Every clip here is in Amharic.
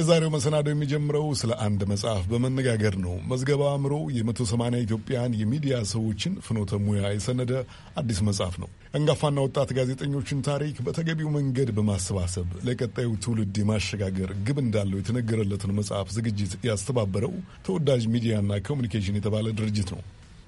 የዛሬው መሰናዶ የሚጀምረው ስለ አንድ መጽሐፍ በመነጋገር ነው። መዝገበ አእምሮ የመቶ ሰማንያ ኢትዮጵያን የሚዲያ ሰዎችን ፍኖተ ሙያ የሰነደ አዲስ መጽሐፍ ነው። አንጋፋና ወጣት ጋዜጠኞችን ታሪክ በተገቢው መንገድ በማሰባሰብ ለቀጣዩ ትውልድ የማሸጋገር ግብ እንዳለው የተነገረለትን መጽሐፍ ዝግጅት ያስተባበረው ተወዳጅ ሚዲያና ኮሚኒኬሽን የተባለ ድርጅት ነው።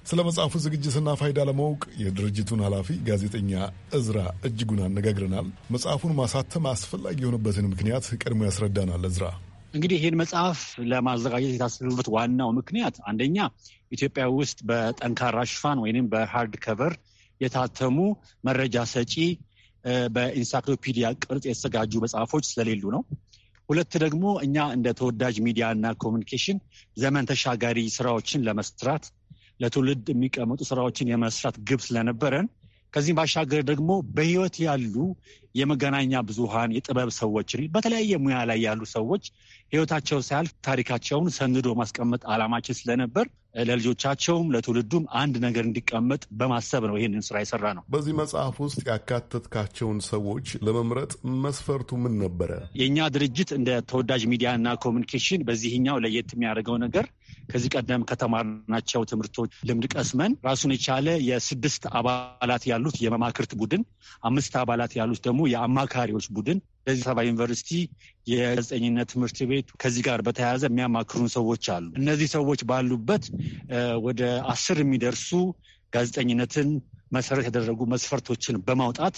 ስለ መጽሐፉ ዝግጅትና ፋይዳ ለማወቅ የድርጅቱን ኃላፊ ጋዜጠኛ እዝራ እጅጉን አነጋግረናል። መጽሐፉን ማሳተም አስፈላጊ የሆነበትን ምክንያት ቀድሞ ያስረዳናል እዝራ። እንግዲህ ይህን መጽሐፍ ለማዘጋጀት የታሰበበት ዋናው ምክንያት አንደኛ ኢትዮጵያ ውስጥ በጠንካራ ሽፋን ወይም በሃርድ ከቨር የታተሙ መረጃ ሰጪ በኢንሳይክሎፒዲያ ቅርጽ የተዘጋጁ መጽሐፎች ስለሌሉ ነው። ሁለት ደግሞ እኛ እንደ ተወዳጅ ሚዲያ እና ኮሚኒኬሽን ዘመን ተሻጋሪ ስራዎችን ለመስራት ለትውልድ የሚቀመጡ ስራዎችን የመስራት ግብ ስለነበረን ከዚህም ባሻገር ደግሞ በህይወት ያሉ የመገናኛ ብዙሃን የጥበብ ሰዎችን በተለያየ ሙያ ላይ ያሉ ሰዎች ህይወታቸው ሳያልፍ ታሪካቸውን ሰንዶ ማስቀመጥ አላማችን ስለነበር ለልጆቻቸውም ለትውልዱም አንድ ነገር እንዲቀመጥ በማሰብ ነው ይህንን ስራ የሰራ ነው። በዚህ መጽሐፍ ውስጥ ያካተትካቸውን ሰዎች ለመምረጥ መስፈርቱ ምን ነበረ? የእኛ ድርጅት እንደ ተወዳጅ ሚዲያ እና ኮሚኒኬሽን በዚህኛው ለየት የሚያደርገው ነገር ከዚህ ቀደም ከተማርናቸው ትምህርቶች ልምድ ቀስመን ራሱን የቻለ የስድስት አባላት ያሉት የመማክርት ቡድን፣ አምስት አባላት ያሉት ደግሞ የአማካሪዎች ቡድን በዚህ ሰባ ዩኒቨርሲቲ የጋዜጠኝነት ትምህርት ቤት ከዚህ ጋር በተያያዘ የሚያማክሩን ሰዎች አሉ። እነዚህ ሰዎች ባሉበት ወደ አስር የሚደርሱ ጋዜጠኝነትን መሰረት ያደረጉ መስፈርቶችን በማውጣት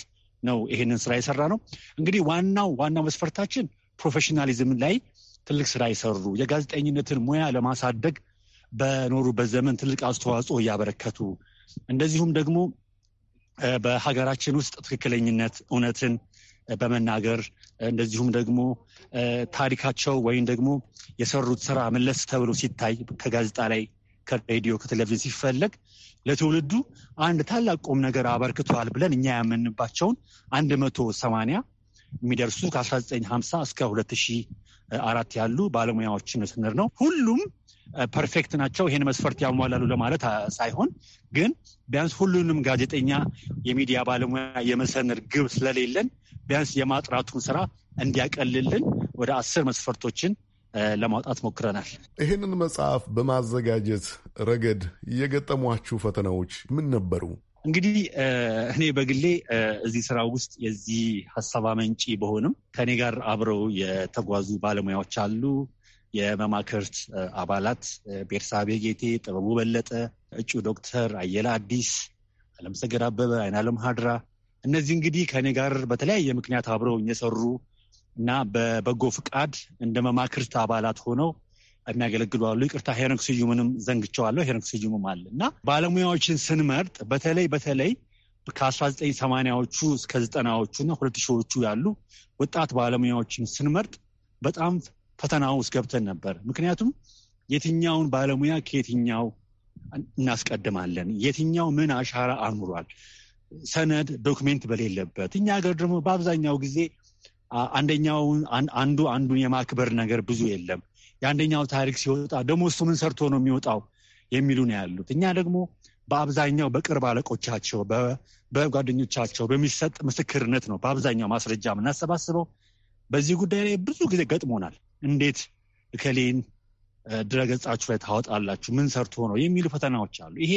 ነው ይሄንን ስራ የሰራ ነው። እንግዲህ ዋናው ዋናው መስፈርታችን ፕሮፌሽናሊዝም ላይ ትልቅ ስራ የሰሩ የጋዜጠኝነትን ሙያ ለማሳደግ በኖሩበት ዘመን ትልቅ አስተዋጽኦ እያበረከቱ እንደዚሁም ደግሞ በሀገራችን ውስጥ ትክክለኝነት እውነትን በመናገር እንደዚሁም ደግሞ ታሪካቸው ወይም ደግሞ የሰሩት ስራ መለስ ተብሎ ሲታይ ከጋዜጣ ላይ ከሬዲዮ፣ ከቴሌቪዥን ሲፈለግ ለትውልዱ አንድ ታላቅ ቁም ነገር አበርክቷል ብለን እኛ ያመንባቸውን አንድ መቶ ሰማንያ የሚደርሱ ከ1950 እስከ 2000 አራት ያሉ ባለሙያዎችን ስንር ነው። ሁሉም ፐርፌክት ናቸው ይህን መስፈርት ያሟላሉ ለማለት ሳይሆን፣ ግን ቢያንስ ሁሉንም ጋዜጠኛ የሚዲያ ባለሙያ የመሰንር ግብ ስለሌለን ቢያንስ የማጥራቱን ስራ እንዲያቀልልን ወደ አስር መስፈርቶችን ለማውጣት ሞክረናል። ይህንን መጽሐፍ በማዘጋጀት ረገድ የገጠሟችሁ ፈተናዎች ምን ነበሩ? እንግዲህ እኔ በግሌ እዚህ ስራ ውስጥ የዚህ ሀሳብ አመንጪ በሆንም ከኔ ጋር አብረው የተጓዙ ባለሙያዎች አሉ። የመማክርት አባላት ቤርሳቤ ጌቴ፣ ጥበቡ በለጠ፣ እጩ ዶክተር አየለ አዲስ፣ አለምሰገድ አበበ፣ አይናለም ሀድራ እነዚህ እንግዲህ ከኔ ጋር በተለያየ ምክንያት አብረው እየሰሩ እና በበጎ ፍቃድ እንደ መማክርት አባላት ሆነው የሚያገለግሉ አሉ። ይቅርታ ሄረንክ ስዩምንም ዘንግቸዋለሁ። ሄረንክ ስዩምም አለ እና ባለሙያዎችን ስንመርጥ በተለይ በተለይ ከ1980ዎቹ እስከ ዘጠናዎቹ እና ሁለት ሺዎቹ ያሉ ወጣት ባለሙያዎችን ስንመርጥ በጣም ፈተና ውስጥ ገብተን ነበር። ምክንያቱም የትኛውን ባለሙያ ከየትኛው እናስቀድማለን፣ የትኛው ምን አሻራ አኑሯል፣ ሰነድ ዶክሜንት በሌለበት እኛ ሀገር ደግሞ በአብዛኛው ጊዜ አንደኛውን አንዱ አንዱን የማክበር ነገር ብዙ የለም። የአንደኛው ታሪክ ሲወጣ ደግሞ እሱ ምን ሰርቶ ነው የሚወጣው የሚሉ ነው ያሉት። እኛ ደግሞ በአብዛኛው በቅርብ አለቆቻቸው፣ በጓደኞቻቸው በሚሰጥ ምስክርነት ነው በአብዛኛው ማስረጃ የምናሰባስበው። በዚህ ጉዳይ ላይ ብዙ ጊዜ ገጥሞናል። እንዴት እከሌን ድረገጻችሁ ላይ ታወጣላችሁ? ምን ሰርቶ ነው የሚሉ ፈተናዎች አሉ። ይሄ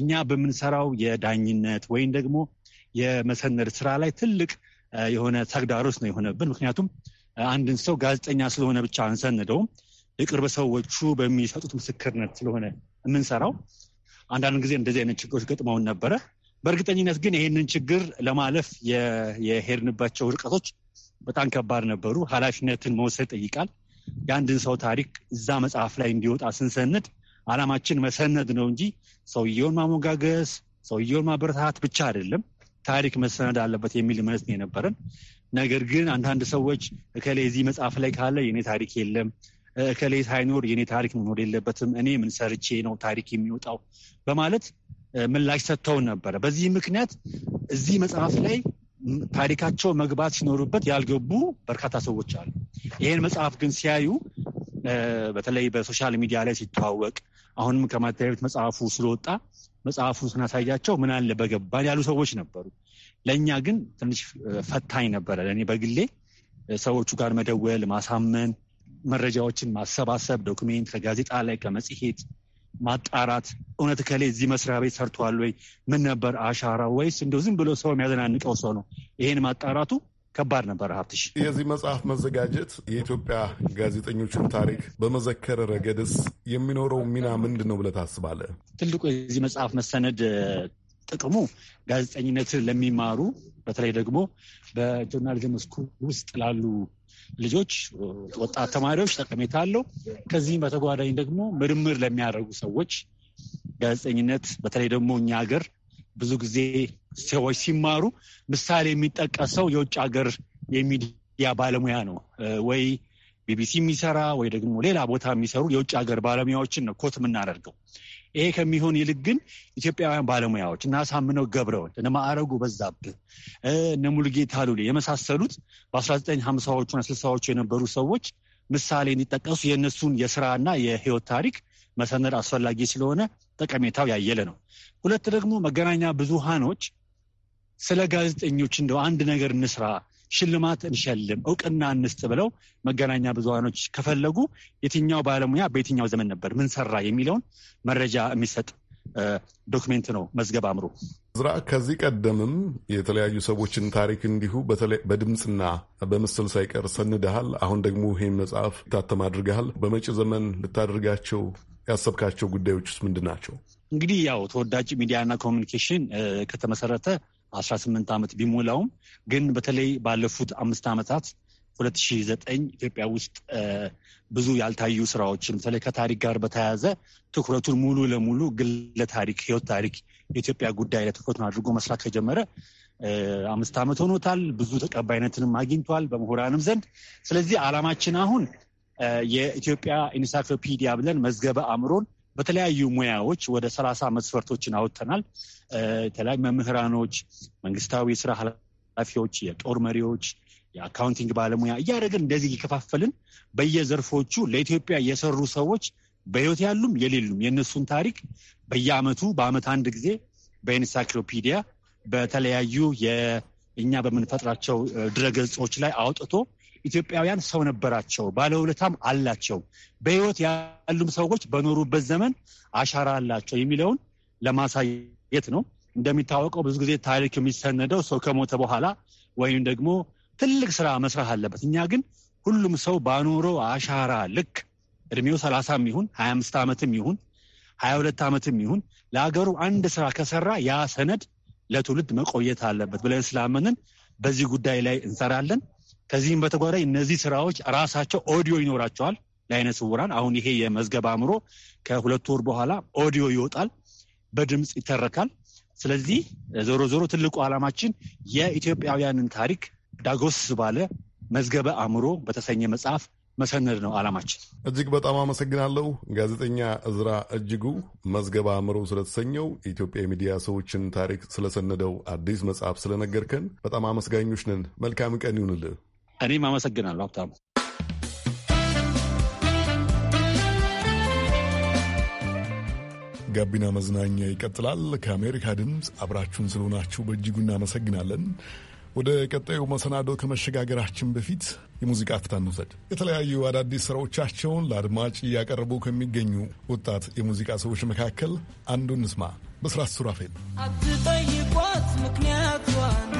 እኛ በምንሰራው የዳኝነት ወይም ደግሞ የመሰነድ ስራ ላይ ትልቅ የሆነ ተግዳሮት ነው የሆነብን። ምክንያቱም አንድን ሰው ጋዜጠኛ ስለሆነ ብቻ አንሰንደውም። የቅርብ ሰዎቹ በሚሰጡት ምስክርነት ስለሆነ የምንሰራው። አንዳንድ ጊዜ እንደዚህ አይነት ችግሮች ገጥመውን ነበረ። በእርግጠኝነት ግን ይህንን ችግር ለማለፍ የሄድንባቸው ርቀቶች በጣም ከባድ ነበሩ። ኃላፊነትን መውሰድ ይጠይቃል። የአንድን ሰው ታሪክ እዛ መጽሐፍ ላይ እንዲወጣ ስንሰነድ ዓላማችን መሰነድ ነው እንጂ ሰውየውን ማሞጋገስ፣ ሰውየውን ማበረታት ብቻ አይደለም። ታሪክ መሰነድ አለበት የሚል እምነት የነበረን። ነገር ግን አንዳንድ ሰዎች እከሌ እዚህ መጽሐፍ ላይ ካለ የኔ ታሪክ የለም ከሌ ሳይኖር የኔ ታሪክ መኖር የለበትም፣ እኔ ምን ሰርቼ ነው ታሪክ የሚወጣው በማለት ምላሽ ሰጥተውን ነበረ። በዚህ ምክንያት እዚህ መጽሐፍ ላይ ታሪካቸው መግባት ሲኖሩበት ያልገቡ በርካታ ሰዎች አሉ። ይህን መጽሐፍ ግን ሲያዩ በተለይ በሶሻል ሚዲያ ላይ ሲተዋወቅ አሁንም ከማተሚያ መጽሐፉ ስለወጣ መጽሐፉ ስናሳያቸው ምን አለ በገባን ያሉ ሰዎች ነበሩ። ለእኛ ግን ትንሽ ፈታኝ ነበረ። ለእኔ በግሌ ሰዎቹ ጋር መደወል፣ ማሳመን መረጃዎችን ማሰባሰብ፣ ዶክሜንት ከጋዜጣ ላይ ከመጽሔት ማጣራት፣ እውነት ከሌ እዚህ መስሪያ ቤት ሰርተዋል ወይ? ምን ነበር አሻራ? ወይስ እንደው ዝም ብሎ ሰው የሚያዘናንቀው ሰው ነው? ይሄን ማጣራቱ ከባድ ነበር። ሀብትሽ፣ የዚህ መጽሐፍ መዘጋጀት የኢትዮጵያ ጋዜጠኞችን ታሪክ በመዘከር ረገድስ የሚኖረው ሚና ምንድን ነው ብለህ ታስባለህ? ትልቁ የዚህ መጽሐፍ መሰነድ ጥቅሙ ጋዜጠኝነትን ለሚማሩ በተለይ ደግሞ በጆርናሊዝም ስኩል ውስጥ ላሉ ልጆች፣ ወጣት ተማሪዎች ጠቀሜታ አለው። ከዚህም በተጓዳኝ ደግሞ ምርምር ለሚያደርጉ ሰዎች ጋዜጠኝነት በተለይ ደግሞ እኛ ሀገር ብዙ ጊዜ ሰዎች ሲማሩ ምሳሌ የሚጠቀሰው የውጭ ሀገር የሚዲያ ባለሙያ ነው ወይ ቢቢሲ የሚሰራ ወይ ደግሞ ሌላ ቦታ የሚሰሩ የውጭ ሀገር ባለሙያዎችን ነው ኮት የምናደርገው። ይሄ ከሚሆን ይልቅ ግን ኢትዮጵያውያን ባለሙያዎች እና አሳምነው ገብረውን እነ ማዕረጉ በዛብህ እነ ሙሉጌታ ሉሌ የመሳሰሉት በ1950ዎቹና 60 የነበሩ ሰዎች ምሳሌ እንዲጠቀሱ የእነሱን የስራና የህይወት ታሪክ መሰነድ አስፈላጊ ስለሆነ ጠቀሜታው ያየለ ነው። ሁለት ደግሞ መገናኛ ብዙሃኖች ስለ ጋዜጠኞች እንደው አንድ ነገር እንስራ ሽልማት እንሸልም፣ እውቅና እንስጥ ብለው መገናኛ ብዙሃኖች ከፈለጉ የትኛው ባለሙያ በየትኛው ዘመን ነበር ምን ሰራ የሚለውን መረጃ የሚሰጥ ዶክሜንት ነው መዝገብ አምሮ ዝራ ከዚህ ቀደምም የተለያዩ ሰዎችን ታሪክ እንዲሁ በድምፅና በምስል ሳይቀር ሰንድሃል። አሁን ደግሞ ይህም መጽሐፍ ታተም አድርገሃል። በመጪ ዘመን ልታደርጋቸው ያሰብካቸው ጉዳዮች ውስጥ ምንድን ናቸው? እንግዲህ ያው ተወዳጅ ሚዲያና ኮሚኒኬሽን ከተመሰረተ አስራ ስምንት ዓመት ቢሞላውም ግን በተለይ ባለፉት አምስት ዓመታት ሁለት ዘጠኝ ኢትዮጵያ ውስጥ ብዙ ያልታዩ ስራዎችን በተለይ ከታሪክ ጋር በተያያዘ ትኩረቱን ሙሉ ለሙሉ ግለ ታሪክ ህይወት ታሪክ የኢትዮጵያ ጉዳይ ላይ ትኩረቱን አድርጎ መስራት ከጀመረ አምስት ዓመት ሆኖታል። ብዙ ተቀባይነትንም አግኝቷል በምሁራንም ዘንድ። ስለዚህ አላማችን አሁን የኢትዮጵያ ኢንሳይክሎፒዲያ ብለን መዝገበ አእምሮን በተለያዩ ሙያዎች ወደ ሰላሳ መስፈርቶችን አውጥተናል። የተለያዩ መምህራኖች፣ መንግስታዊ የስራ ኃላፊዎች፣ የጦር መሪዎች፣ የአካውንቲንግ ባለሙያ እያደረግን እንደዚህ እየከፋፈልን በየዘርፎቹ ለኢትዮጵያ የሰሩ ሰዎች በህይወት ያሉም የሌሉም የእነሱን ታሪክ በየአመቱ በአመት አንድ ጊዜ በኢንሳይክሎፒዲያ በተለያዩ የእኛ በምንፈጥራቸው ድረገጾች ላይ አውጥቶ ኢትዮጵያውያን ሰው ነበራቸው፣ ባለውለታም አላቸው፣ በህይወት ያሉም ሰዎች በኖሩበት ዘመን አሻራ አላቸው የሚለውን ለማሳየት ነው። እንደሚታወቀው ብዙ ጊዜ ታሪክ የሚሰነደው ሰው ከሞተ በኋላ ወይም ደግሞ ትልቅ ስራ መስራት አለበት። እኛ ግን ሁሉም ሰው ባኖሮ አሻራ ልክ እድሜው ሰላሳም ይሁን ሀያ አምስት ዓመትም ይሁን ሀያ ሁለት ዓመትም ይሁን ለሀገሩ አንድ ስራ ከሰራ ያ ሰነድ ለትውልድ መቆየት አለበት ብለን ስላመንን በዚህ ጉዳይ ላይ እንሰራለን። ከዚህም በተጓዳኝ እነዚህ ስራዎች ራሳቸው ኦዲዮ ይኖራቸዋል ለአይነ ስውራን። አሁን ይሄ የመዝገብ አእምሮ ከሁለት ወር በኋላ ኦዲዮ ይወጣል፣ በድምፅ ይተረካል። ስለዚህ ዞሮ ዞሮ ትልቁ ዓላማችን የኢትዮጵያውያንን ታሪክ ዳጎስ ባለ መዝገበ አእምሮ በተሰኘ መጽሐፍ መሰነድ ነው ዓላማችን። እጅግ በጣም አመሰግናለሁ ጋዜጠኛ እዝራ እጅጉ። መዝገበ አእምሮ ስለተሰኘው ኢትዮጵያ ሚዲያ ሰዎችን ታሪክ ስለሰነደው አዲስ መጽሐፍ ስለነገርከን በጣም አመስጋኞች ነን። መልካም ቀን ይሁንልህ። እኔም አመሰግናለሁ ሀብታሙ። ጋቢና መዝናኛ ይቀጥላል። ከአሜሪካ ድምፅ አብራችሁን ስለሆናችሁ በእጅጉ እናመሰግናለን። ወደ ቀጣዩ መሰናዶ ከመሸጋገራችን በፊት የሙዚቃ ፍታ እንውሰድ። የተለያዩ አዳዲስ ስራዎቻቸውን ለአድማጭ እያቀረቡ ከሚገኙ ወጣት የሙዚቃ ሰዎች መካከል አንዱን እንስማ። በስራት ሱራፌል አትጠይቋት ምክንያቷን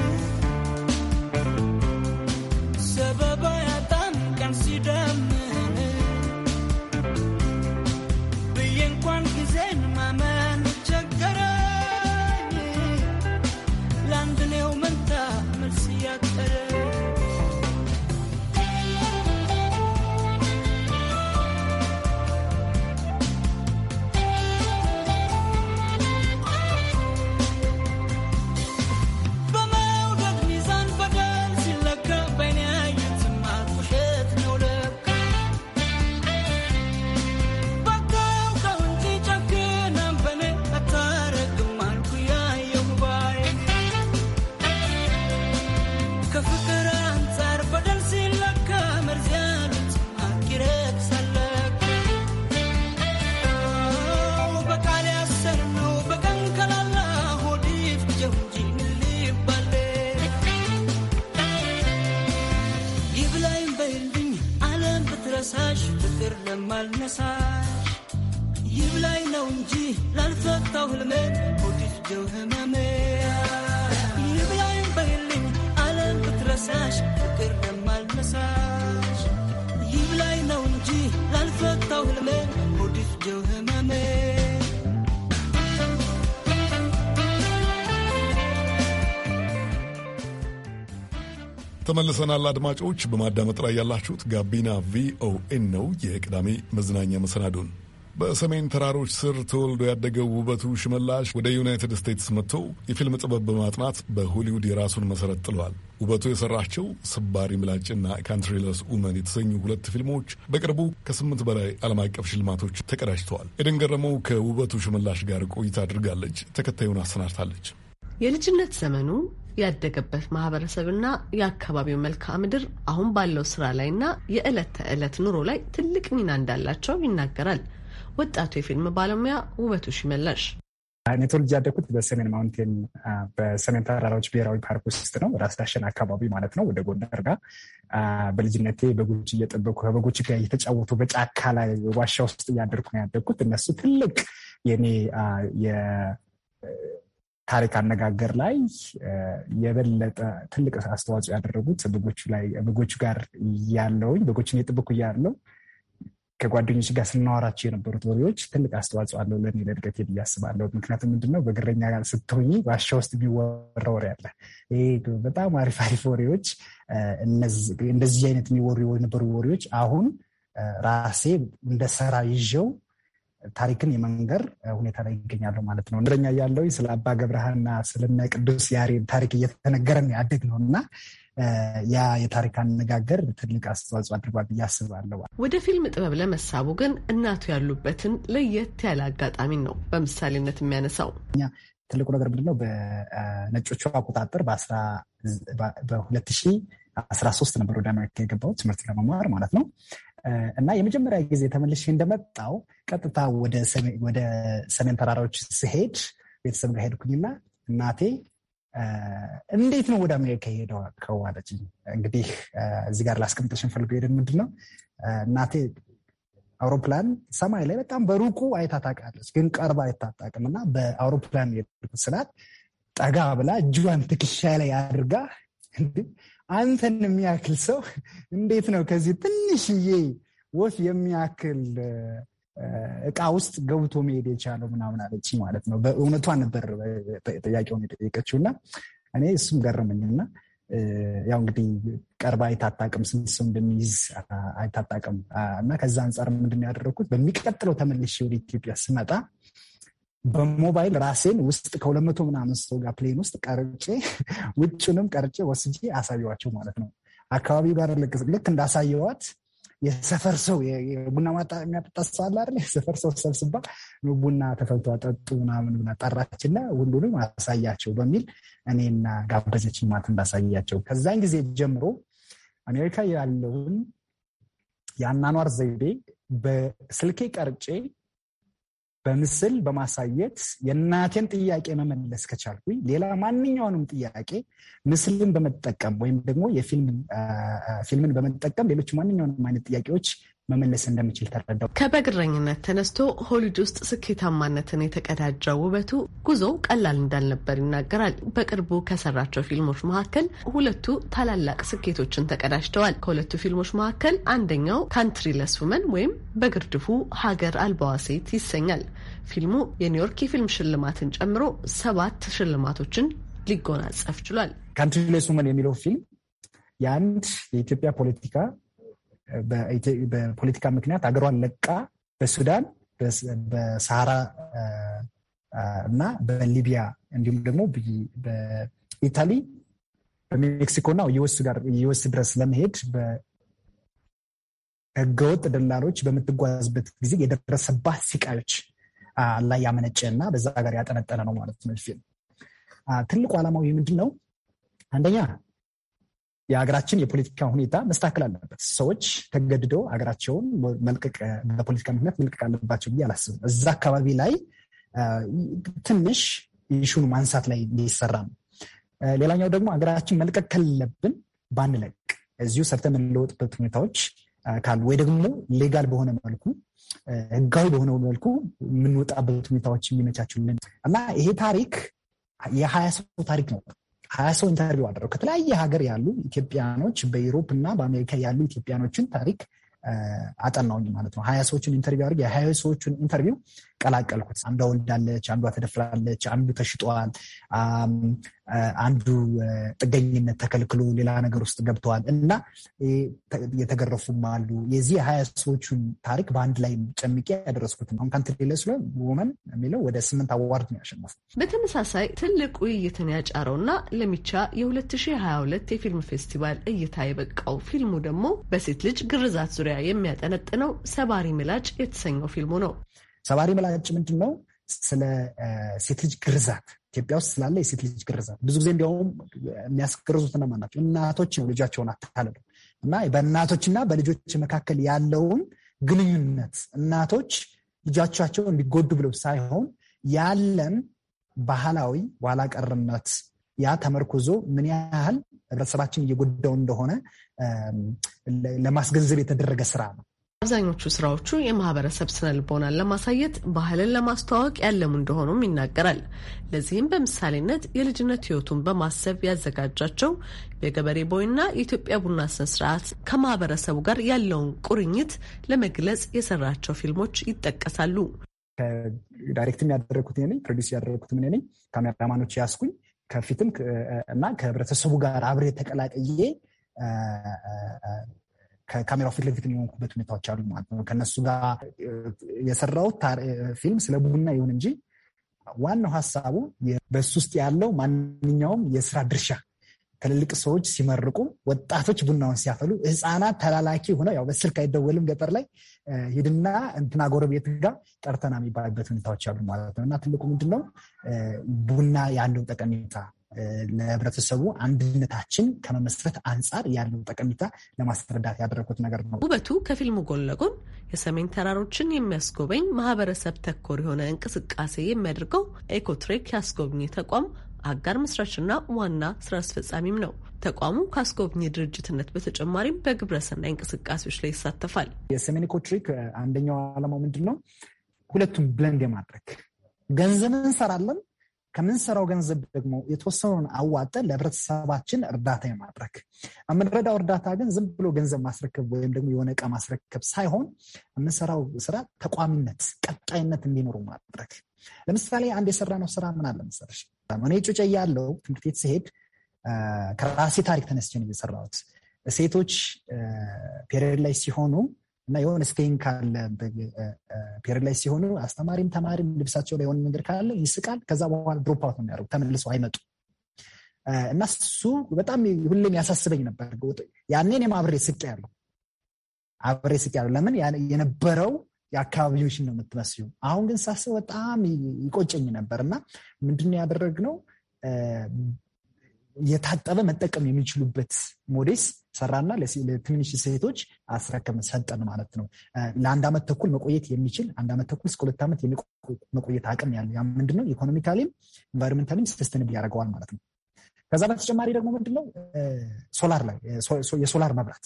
ተመልሰናል አድማጮች። በማዳመጥ ላይ ያላችሁት ጋቢና ቪኦኤን ነው። የቅዳሜ መዝናኛ መሰናዶን በሰሜን ተራሮች ስር ተወልዶ ያደገው ውበቱ ሽመላሽ ወደ ዩናይትድ ስቴትስ መጥቶ የፊልም ጥበብ በማጥናት በሆሊውድ የራሱን መሰረት ጥሏል። ውበቱ የሰራቸው ስባሪ ምላጭና ካንትሪለስ ኡመን የተሰኙ ሁለት ፊልሞች በቅርቡ ከስምንት በላይ ዓለም አቀፍ ሽልማቶች ተቀዳጅተዋል። ኤደን ገረመው ከውበቱ ሽመላሽ ጋር ቆይታ አድርጋለች። ተከታዩን አሰናድታለች። የልጅነት ዘመኑ ያደገበት ማህበረሰብና የአካባቢው መልክዓ ምድር አሁን ባለው ስራ ላይና የዕለት ተዕለት ኑሮ ላይ ትልቅ ሚና እንዳላቸው ይናገራል። ወጣቱ የፊልም ባለሙያ ውበቱ ሽመላሽ እኔ ተወልጄ ያደግኩት በሰሜን ማውንቴን በሰሜን ተራራዎች ብሔራዊ ፓርክ ውስጥ ነው። ራስ ዳሸን አካባቢ ማለት ነው። ወደ ጎንደር ጋር በልጅነቴ በጎች እየጠበኩ ከበጎች ጋር እየተጫወቱ በጫካ ላይ ዋሻ ውስጥ እያደርኩ ነው ያደግኩት። እነሱ ትልቅ የኔ ታሪክ አነጋገር ላይ የበለጠ ትልቅ አስተዋጽኦ ያደረጉት በጎቹ ላይ በጎቹ ጋር ያለውኝ በጎችን የጥብኩ እያለው ከጓደኞች ጋር ስናወራቸው የነበሩት ወሬዎች ትልቅ አስተዋጽኦ አለው ለእኔ ለእድገቴ ብዬ አስባለሁ። ምክንያቱም ምንድነው በግረኛ ጋር ስትሆኝ ዋሻ ውስጥ የሚወራ ወሬ አለ። ይሄ በጣም አሪፍ አሪፍ ወሬዎች፣ እንደዚህ አይነት የሚወሩ የነበሩ ወሬዎች አሁን ራሴ እንደ ስራ ይዤው ታሪክን የመንገር ሁኔታ ላይ ይገኛሉ ማለት ነው። እንደኛ ያለው ስለ አባ ገብረሃና ስለነ ቅዱስ ያሬድ ታሪክ እየተነገረን ያደግ ነው እና ያ የታሪክ አነጋገር ትልቅ አስተዋጽኦ አድርጓል ብዬ አስባለሁ። ወደ ፊልም ጥበብ ለመሳቡ ግን እናቱ ያሉበትን ለየት ያለ አጋጣሚ ነው በምሳሌነት የሚያነሳው። ትልቁ ነገር ምንድነው? በነጮቹ አቆጣጠር በ2013 ነበር ወደ አሜሪካ የገባው ትምህርት ለመማር ማለት ነው። እና የመጀመሪያ ጊዜ ተመልሼ እንደመጣው ቀጥታ ወደ ሰሜን ተራራዎች ስሄድ ቤተሰብ ጋር ሄድኩኝና እናቴ እንዴት ነው ወደ አሜሪካ የሄደው ከዋለች። እንግዲህ እዚህ ጋር ላስቀምጠሽ እንፈልገው ሄደን ምንድን ነው እናቴ አውሮፕላን ሰማይ ላይ በጣም በሩቁ አይታታቃለች፣ ግን ቀርባ አይታጣቅም እና በአውሮፕላን የሄድኩት ስላት ጠጋ ብላ እጇን ትከሻዬ ላይ አድርጋ አንተን የሚያክል ሰው እንዴት ነው ከዚህ ትንሽዬ ወፍ የሚያክል እቃ ውስጥ ገብቶ መሄድ የቻለው ምናምን አለች ማለት ነው። በእውነቷ ነበር ጥያቄውን የጠየቀችው እና እኔ እሱም ገረመኝ እና ያው እንግዲህ ቀርባ አይታጣቅም ስንት ሰው እንደሚይዝ አይታጣቅም እና ከዛ አንጻር ምንድን ያደረግኩት በሚቀጥለው ተመልሼ ወደ ኢትዮጵያ ስመጣ በሞባይል ራሴን ውስጥ ከሁለት መቶ ምናምን ሰው ጋር ፕሌን ውስጥ ቀርጬ ውጭንም ቀርጬ ወስጄ አሳየዋቸው ማለት ነው። አካባቢው ጋር ልክ እንዳሳየዋት የሰፈር ሰው ቡና የሚያጠጣ ሰው አለ አይደል? የሰፈር ሰው ሰብስባ ቡና ተፈልቶ ጠጡ ምናምን ብላ ጠራችና ሁሉንም አሳያቸው በሚል እኔና ጋበዘች ማለት እንዳሳያቸው። ከዛን ጊዜ ጀምሮ አሜሪካ ያለውን የአናኗር ዘይቤ በስልኬ ቀርጬ በምስል በማሳየት የእናቴን ጥያቄ መመለስ ከቻልኩኝ ሌላ ማንኛውንም ጥያቄ ምስልን በመጠቀም ወይም ደግሞ የፊልምን በመጠቀም ሌሎች ማንኛውንም አይነት ጥያቄዎች መመለስ እንደምችል ተረዳው። ከበግረኝነት ተነስቶ ሆሊድ ውስጥ ስኬታማነትን የተቀዳጀው ውበቱ ጉዞው ቀላል እንዳልነበር ይናገራል። በቅርቡ ከሰራቸው ፊልሞች መካከል ሁለቱ ታላላቅ ስኬቶችን ተቀዳጅተዋል። ከሁለቱ ፊልሞች መካከል አንደኛው ካንትሪለስ ውመን ወይም በግርድፉ ሀገር አልባዋ ሴት ይሰኛል። ፊልሙ የኒውዮርክ የፊልም ሽልማትን ጨምሮ ሰባት ሽልማቶችን ሊጎናጸፍ ችሏል። ካንትሪለስ ውመን የሚለው ፊልም የአንድ የኢትዮጵያ ፖለቲካ በፖለቲካ ምክንያት ሀገሯን ለቃ በሱዳን በሰሃራ እና በሊቢያ እንዲሁም ደግሞ በኢታሊ በሜክሲኮ ጋር ዩኤስ ድረስ ለመሄድ በህገወጥ ደላሎች በምትጓዝበት ጊዜ የደረሰባት ስቃዮች ላይ ያመነጨ እና በዛ ጋር ያጠነጠነ ነው ማለት ነው። ፊልም ትልቁ ዓላማው ምንድን ነው? አንደኛ የሀገራችን የፖለቲካ ሁኔታ መስተካከል አለበት። ሰዎች ተገድደው ሀገራቸውን መልቀቅ በፖለቲካ ምክንያት መልቀቅ አለባቸው ብዬ አላስብም። እዛ አካባቢ ላይ ትንሽ ኢሹን ማንሳት ላይ ሊሰራ ነው። ሌላኛው ደግሞ ሀገራችን መልቀቅ ከለብን ባንለቅ እዚሁ ሰርተ የምንለወጥበት ሁኔታዎች ካሉ ወይ ደግሞ ሌጋል በሆነ መልኩ ህጋዊ በሆነ መልኩ የምንወጣበት ሁኔታዎች የሚመቻችልን እና ይሄ ታሪክ የሀያ ሰው ታሪክ ነው። ሀያ ሰው ኢንተርቪው አደረው ከተለያየ ሀገር ያሉ ኢትዮጵያኖች በዩሮፕ እና በአሜሪካ ያሉ ኢትዮጵያኖችን ታሪክ አጠናውኝ ማለት ነው። ሀያ ሰዎችን ኢንተርቪው አድርግ የሀያ ሰዎችን ኢንተርቪው ቀላቀልኩት። አንዷ ወልዳለች፣ አንዷ ተደፍራለች፣ አንዱ ተሽጧል፣ አንዱ ጥገኝነት ተከልክሎ ሌላ ነገር ውስጥ ገብተዋል እና የተገረፉም አሉ። የዚህ ሀያ ሰዎቹን ታሪክ በአንድ ላይ ጨምቄ ያደረስኩት ነው። ካንትሪ ላይ ስለ ወመን የሚለው ወደ ስምንት አዋርድ ነው ያሸነፉ። በተመሳሳይ ትልቅ ውይይትን ያጫረው እና ለሚቻ የ2022 የፊልም ፌስቲቫል እይታ የበቃው ፊልሙ ደግሞ በሴት ልጅ ግርዛት ዙሪያ የሚያጠነጥነው ሰባሪ ምላጭ የተሰኘው ፊልሙ ነው። ሰባሪ ምላጭ ምንድን ነው? ስለ ሴት ልጅ ግርዛት ኢትዮጵያ ውስጥ ስላለ የሴት ልጅ ግርዛት ብዙ ጊዜ እንዲያውም የሚያስገርዙት እነማን ናቸው? እናቶች ነው ልጃቸውን አታለሉ እና በእናቶችና በልጆች መካከል ያለውን ግንኙነት እናቶች ልጆቻቸው እንዲጎዱ ብለው ሳይሆን ያለን ባህላዊ ኋላ ቀርነት ያ ተመርኮዞ ምን ያህል ህብረተሰባችን እየጎዳው እንደሆነ ለማስገንዘብ የተደረገ ስራ ነው። አብዛኞቹ ስራዎቹ የማህበረሰብ ስነ ልቦናን ለማሳየት ባህልን ለማስተዋወቅ ያለሙ እንደሆኑም ይናገራል። ለዚህም በምሳሌነት የልጅነት ህይወቱን በማሰብ ያዘጋጃቸው የገበሬ ቦይና የኢትዮጵያ ቡና ስነ ስርዓት ከማህበረሰቡ ጋር ያለውን ቁርኝት ለመግለጽ የሰራቸው ፊልሞች ይጠቀሳሉ። ዳይሬክትም ያደረግኩት እኔ ነኝ፣ ፕሮዲስ ያደረግኩትም እኔ ነኝ። ካሜራማኖች ያስኩኝ ከፊትም እና ከህብረተሰቡ ጋር አብሬ ተቀላቅዬ ከካሜራው ፊት ለፊት የሆንኩበት ሁኔታዎች አሉ ማለት ነው። ከነሱ ጋር የሰራሁት ፊልም ስለ ቡና ይሁን እንጂ ዋናው ሀሳቡ በሱ ውስጥ ያለው ማንኛውም የስራ ድርሻ ትልልቅ ሰዎች ሲመርቁ፣ ወጣቶች ቡናውን ሲያፈሉ፣ ህፃናት ተላላኪ ሆነው ያው በስልክ አይደወልም ገጠር ላይ ሂድና እንትና ጎረቤት ጋር ጠርተና የሚባልበት ሁኔታዎች አሉ ማለት ነው እና ትልቁ ምንድን ነው ቡና ያለው ጠቀሜታ ለህብረተሰቡ አንድነታችን ከመመስረት አንጻር ያለው ጠቀሜታ ለማስረዳት ያደረኩት ነገር ነው። ውበቱ ከፊልሙ ጎን ለጎን የሰሜን ተራሮችን የሚያስጎበኝ ማህበረሰብ ተኮር የሆነ እንቅስቃሴ የሚያደርገው ኤኮትሬክ ያስጎብኝ ተቋም አጋር መስራችና ዋና ስራ አስፈጻሚም ነው። ተቋሙ ካስጎብኝ ድርጅትነት በተጨማሪም በግብረሰናይ እንቅስቃሴዎች ላይ ይሳተፋል። የሰሜን ኤኮትሪክ አንደኛው ዓላማው ምንድን ነው? ሁለቱም ብለንድ የማድረግ ገንዘብ እንሰራለን ከምንሰራው ገንዘብ ደግሞ የተወሰነውን አዋጠን ለህብረተሰባችን እርዳታ የማድረግ የምንረዳው እርዳታ ግን ዝም ብሎ ገንዘብ ማስረከብ ወይም ደግሞ የሆነ እቃ ማስረከብ ሳይሆን የምንሰራው ስራ ተቋሚነት፣ ቀጣይነት እንዲኖሩ ማድረግ። ለምሳሌ አንድ የሰራ ነው ስራ ምን አለ መሰለሽ፣ እኔ ጩጬ ያለው ትምህርት ቤት ስሄድ ከራሴ ታሪክ ተነስቼ ነው የሰራሁት። ሴቶች ፔሪድ ላይ ሲሆኑ እና የሆነ ስቴን ካለ ፔሪድ ላይ ሲሆኑ አስተማሪም ተማሪም ልብሳቸው ላይ የሆነ ነገር ካለ ይስቃል። ከዛ በኋላ ድሮፕ አውት ነው የሚያደርጉ ተመልሰው አይመጡም። እና እሱ በጣም ሁሌም ያሳስበኝ ነበር። ያኔን የማብሬ ስቅ ያለው አብሬ ስቅ ያለው ለምን የነበረው የአካባቢዎችን ነው የምትመስዩ። አሁን ግን ሳስብ በጣም ይቆጨኝ ነበር እና ምንድን ነው የታጠበ መጠቀም የሚችሉበት ሞዴስ ሰራና ለትንሽ ሴቶች አስረከም ሰጠን ማለት ነው። ለአንድ ዓመት ተኩል መቆየት የሚችል አንድ ዓመት ተኩል እስከ ሁለት ዓመት መቆየት አቅም ያለ ያ ምንድነው ኢኮኖሚካሊም ኢንቫይሮንሜንታሊም ስስትንብ ያደርገዋል ማለት ነው። ከዛ በተጨማሪ ደግሞ ምንድነው ሶላር ላይ የሶላር መብራት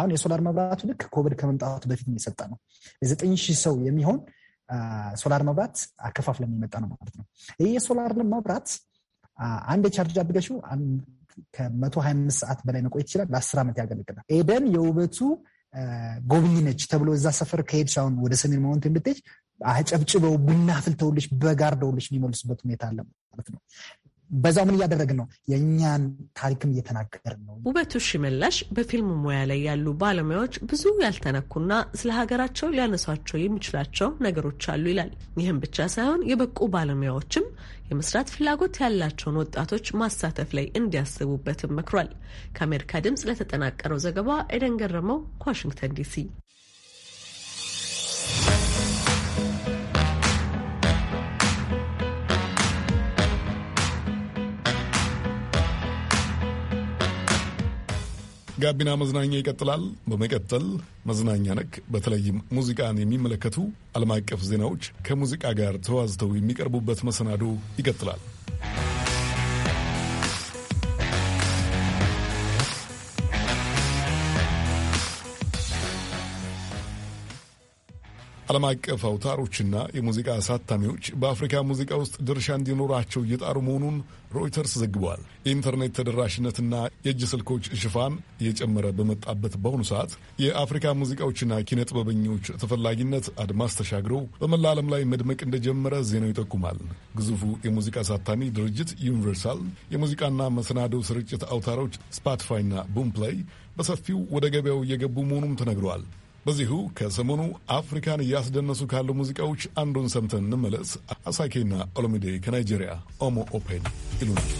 አሁን የሶላር መብራቱ ልክ ኮቪድ ከመምጣቱ በፊት የሰጠ ነው። የዘጠኝ ሺህ ሰው የሚሆን ሶላር መብራት አከፋፍለን የመጣ ነው ማለት ነው። ይህ የሶላር መብራት አንድ የቻርጅ አፕሊኬሽኑ ከ125 ሰዓት በላይ መቆየት ይችላል። ለአስር ዓመት ያገለግላል። ኤደን የውበቱ ጎብኝ ነች ተብሎ እዛ ሰፈር ከሄድሽ አሁን ወደ ሰሜን ማውንት ብትሄጂ አጨብጭበው ቡና ፍልተውልሽ በጋርደውልሽ የሚመልሱበት ሁኔታ አለ ማለት ነው። በዛው ምን እያደረግን ነው? የእኛን ታሪክም እየተናገር ነው። ውበቱ ሽመላሽ በፊልም ሙያ ላይ ያሉ ባለሙያዎች ብዙ ያልተነኩና ስለ ሀገራቸው ሊያነሷቸው የሚችላቸው ነገሮች አሉ ይላል። ይህም ብቻ ሳይሆን የበቁ ባለሙያዎችም የመስራት ፍላጎት ያላቸውን ወጣቶች ማሳተፍ ላይ እንዲያስቡበትም መክሯል። ከአሜሪካ ድምፅ ለተጠናቀረው ዘገባ ኤደን ገረመው ከዋሽንግተን ዲሲ ጋቢና መዝናኛ ይቀጥላል። በመቀጠል መዝናኛ ነክ በተለይም ሙዚቃን የሚመለከቱ ዓለም አቀፍ ዜናዎች ከሙዚቃ ጋር ተዋዝተው የሚቀርቡበት መሰናዶ ይቀጥላል። ዓለም አቀፍ አውታሮችና የሙዚቃ አሳታሚዎች በአፍሪካ ሙዚቃ ውስጥ ድርሻ እንዲኖራቸው እየጣሩ መሆኑን ሮይተርስ ዘግቧል። የኢንተርኔት ተደራሽነትና የእጅ ስልኮች ሽፋን እየጨመረ በመጣበት በአሁኑ ሰዓት የአፍሪካ ሙዚቃዎችና ኪነ ጥበበኞች ተፈላጊነት አድማስ ተሻግረው በመላ ዓለም ላይ መድመቅ እንደጀመረ ዜናው ይጠቁማል። ግዙፉ የሙዚቃ አሳታሚ ድርጅት ዩኒቨርሳል የሙዚቃና መሰናዶ ስርጭት አውታሮች ስፖቲፋይና ቡምፕላይ በሰፊው ወደ ገበያው እየገቡ መሆኑም ተነግረዋል። በዚሁ ከሰሞኑ አፍሪካን እያስደነሱ ካሉ ሙዚቃዎች አንዱን ሰምተን እንመለስ። አሳኬና ኦሎሚዴ ከናይጄሪያ ኦሞ ኦፔን ይሉናል።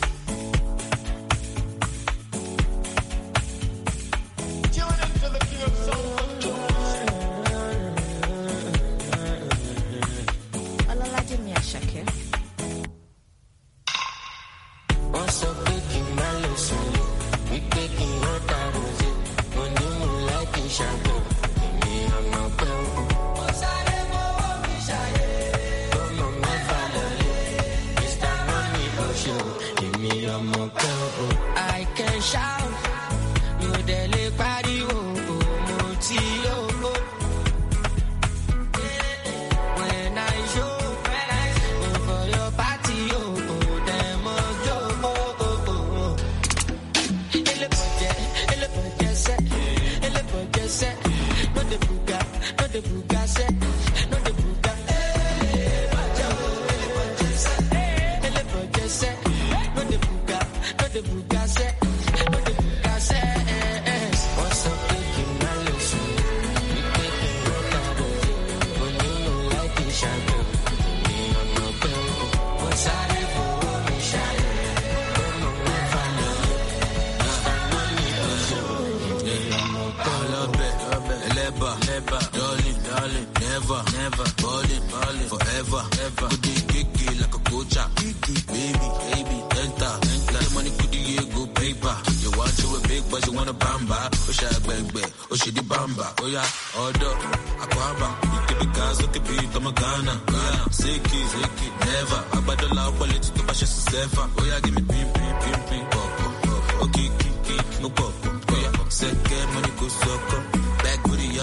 never, never, balling ballin', forever, ever. Good day, kiki, like a coach, baby, baby, enter, enter. Like money, could you go paper? You want to a big, but you want a bamba. Push oh, a bang, bang, oh, she bamba. Oh, yeah, order, aquaba. You can be cars, you can be Tomagana, Ghana, Siki, Siki, never. I buy the loud quality to bash us to Oh, yeah, give me pimp, pimp, pimp, pim, pop, pop, pop. Okay, oh, kiki, no pop, pop, oh, yeah. Second money, go suck up.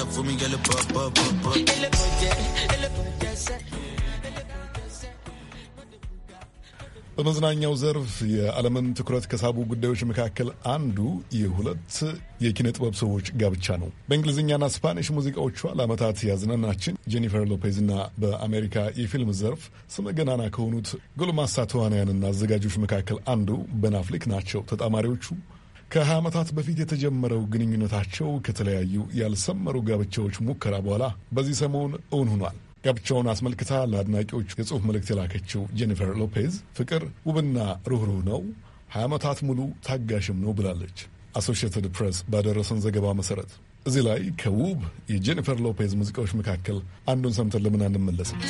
for me, girl, pop, pop, pop, pop. በመዝናኛው ዘርፍ የዓለምን ትኩረት ከሳቡ ጉዳዮች መካከል አንዱ የሁለት የኪነ ጥበብ ሰዎች ጋብቻ ነው። በእንግሊዝኛና ስፓኒሽ ሙዚቃዎቿ ለዓመታት ያዝናናችን ጄኒፈር ሎፔዝና በአሜሪካ የፊልም ዘርፍ ስመገናና ከሆኑት ጎልማሳ ተዋናያንና አዘጋጆች መካከል አንዱ በናፍሊክ ናቸው። ተጣማሪዎቹ ከ20 ዓመታት በፊት የተጀመረው ግንኙነታቸው ከተለያዩ ያልሰመሩ ጋብቻዎች ሙከራ በኋላ በዚህ ሰሞን እውን ሆኗል። ጋብቻውን አስመልክታ ለአድናቂዎች የጽሑፍ መልእክት የላከችው ጄኒፈር ሎፔዝ ፍቅር ውብና ሩኅሩህ ነው፣ 20 ዓመታት ሙሉ ታጋሽም ነው ብላለች። አሶሽትድ ፕሬስ ባደረሰን ዘገባ መሰረት እዚህ ላይ ከውብ የጄኒፈር ሎፔዝ ሙዚቃዎች መካከል አንዱን ሰምተን ለምን አንመለስም?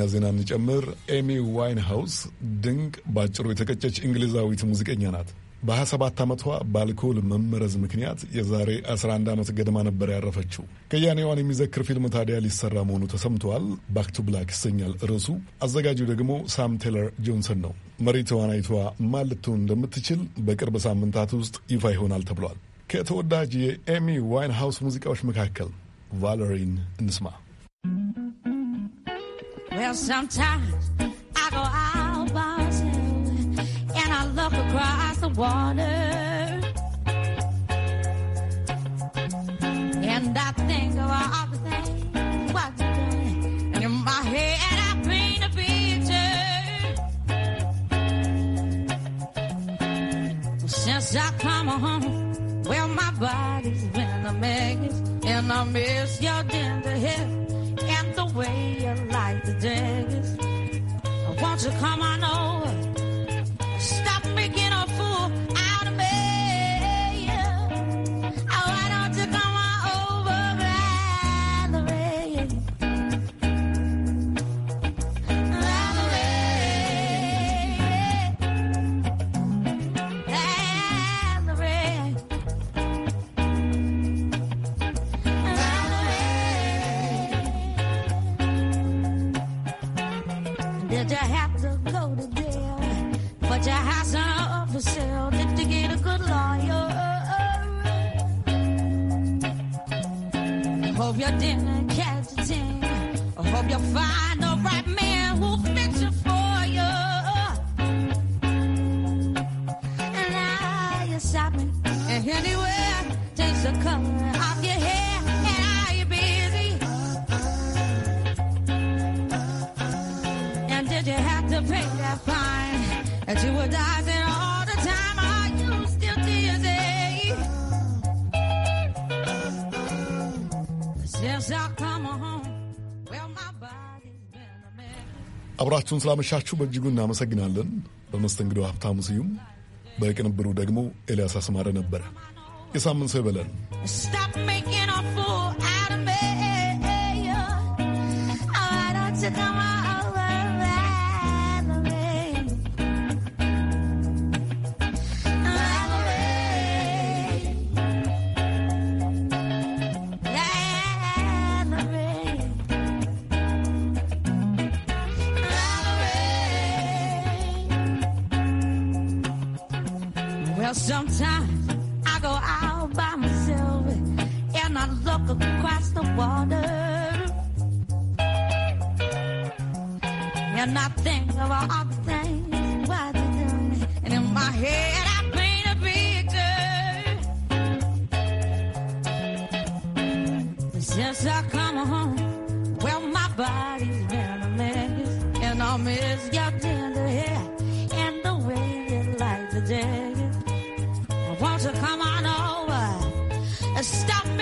የመዝናኛ ዜና ጨምር ኤሚ ዋይንሃውስ ድንቅ በአጭሩ የተቀጨች እንግሊዛዊት ሙዚቀኛ ናት። በ27 ዓመቷ በአልኮል መመረዝ ምክንያት የዛሬ 11 ዓመት ገደማ ነበር ያረፈችው። ከያኔዋን የሚዘክር ፊልም ታዲያ ሊሰራ መሆኑ ተሰምተዋል። ባክ ቱ ብላክ ይሰኛል ርዕሱ። አዘጋጁ ደግሞ ሳም ቴለር ጆንሰን ነው። መሪ ተዋናይቷ ማን ልትሆን እንደምትችል በቅርብ ሳምንታት ውስጥ ይፋ ይሆናል ተብሏል። ከተወዳጅ የኤሚ ዋይንሃውስ ሙዚቃዎች መካከል ቫለሪን እንስማ። Well, sometimes I go out by myself and I look across the water. Did you have to go to jail? But your house on for sale. Did you get a good lawyer? Hope your dinner. አብራችሁን ስላመሻችሁ በእጅጉ እናመሰግናለን። በመስተንግዶ ሀብታሙ ስዩም፣ በቅንብሩ ደግሞ ኤልያስ አስማረ ነበረ። የሳምንት ሰው ይበለን። to come on over and stop